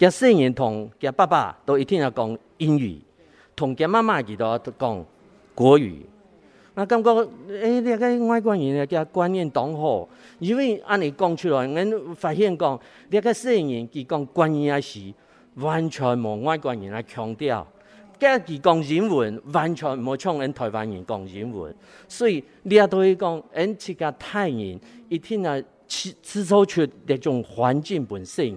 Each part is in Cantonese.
嘅聖人同嘅爸爸都一定啊講英語，同嘅媽媽一定都講國語。我感覺誒呢個外國人嘅觀念同好，因為按你講出來，我發現講，呢個聖人佢講觀念是完全冇外國人來強調，加上佢講英文，完全冇像我台灣人講英文。所以你亦都可以講，我哋嘅台灣人一定啊滋滋造出呢種環境本身。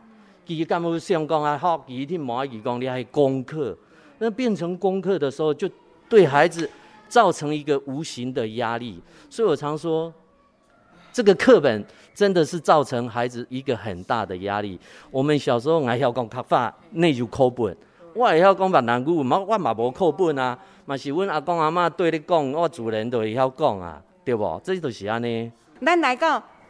其實幹部是想講還好，一定冇講你愛功課，那變成功課的時候，就對孩子造成一個無形的壓力。所以我常說，這個課本真的是造成孩子一個很大的壓力。我們小時候還要講讀法，那就課本。我還會講閩南語，嘛我嘛無課本啊，嘛是阮阿公阿媽對你講，我自然就會曉講啊，對不？這就是安尼。咱來講。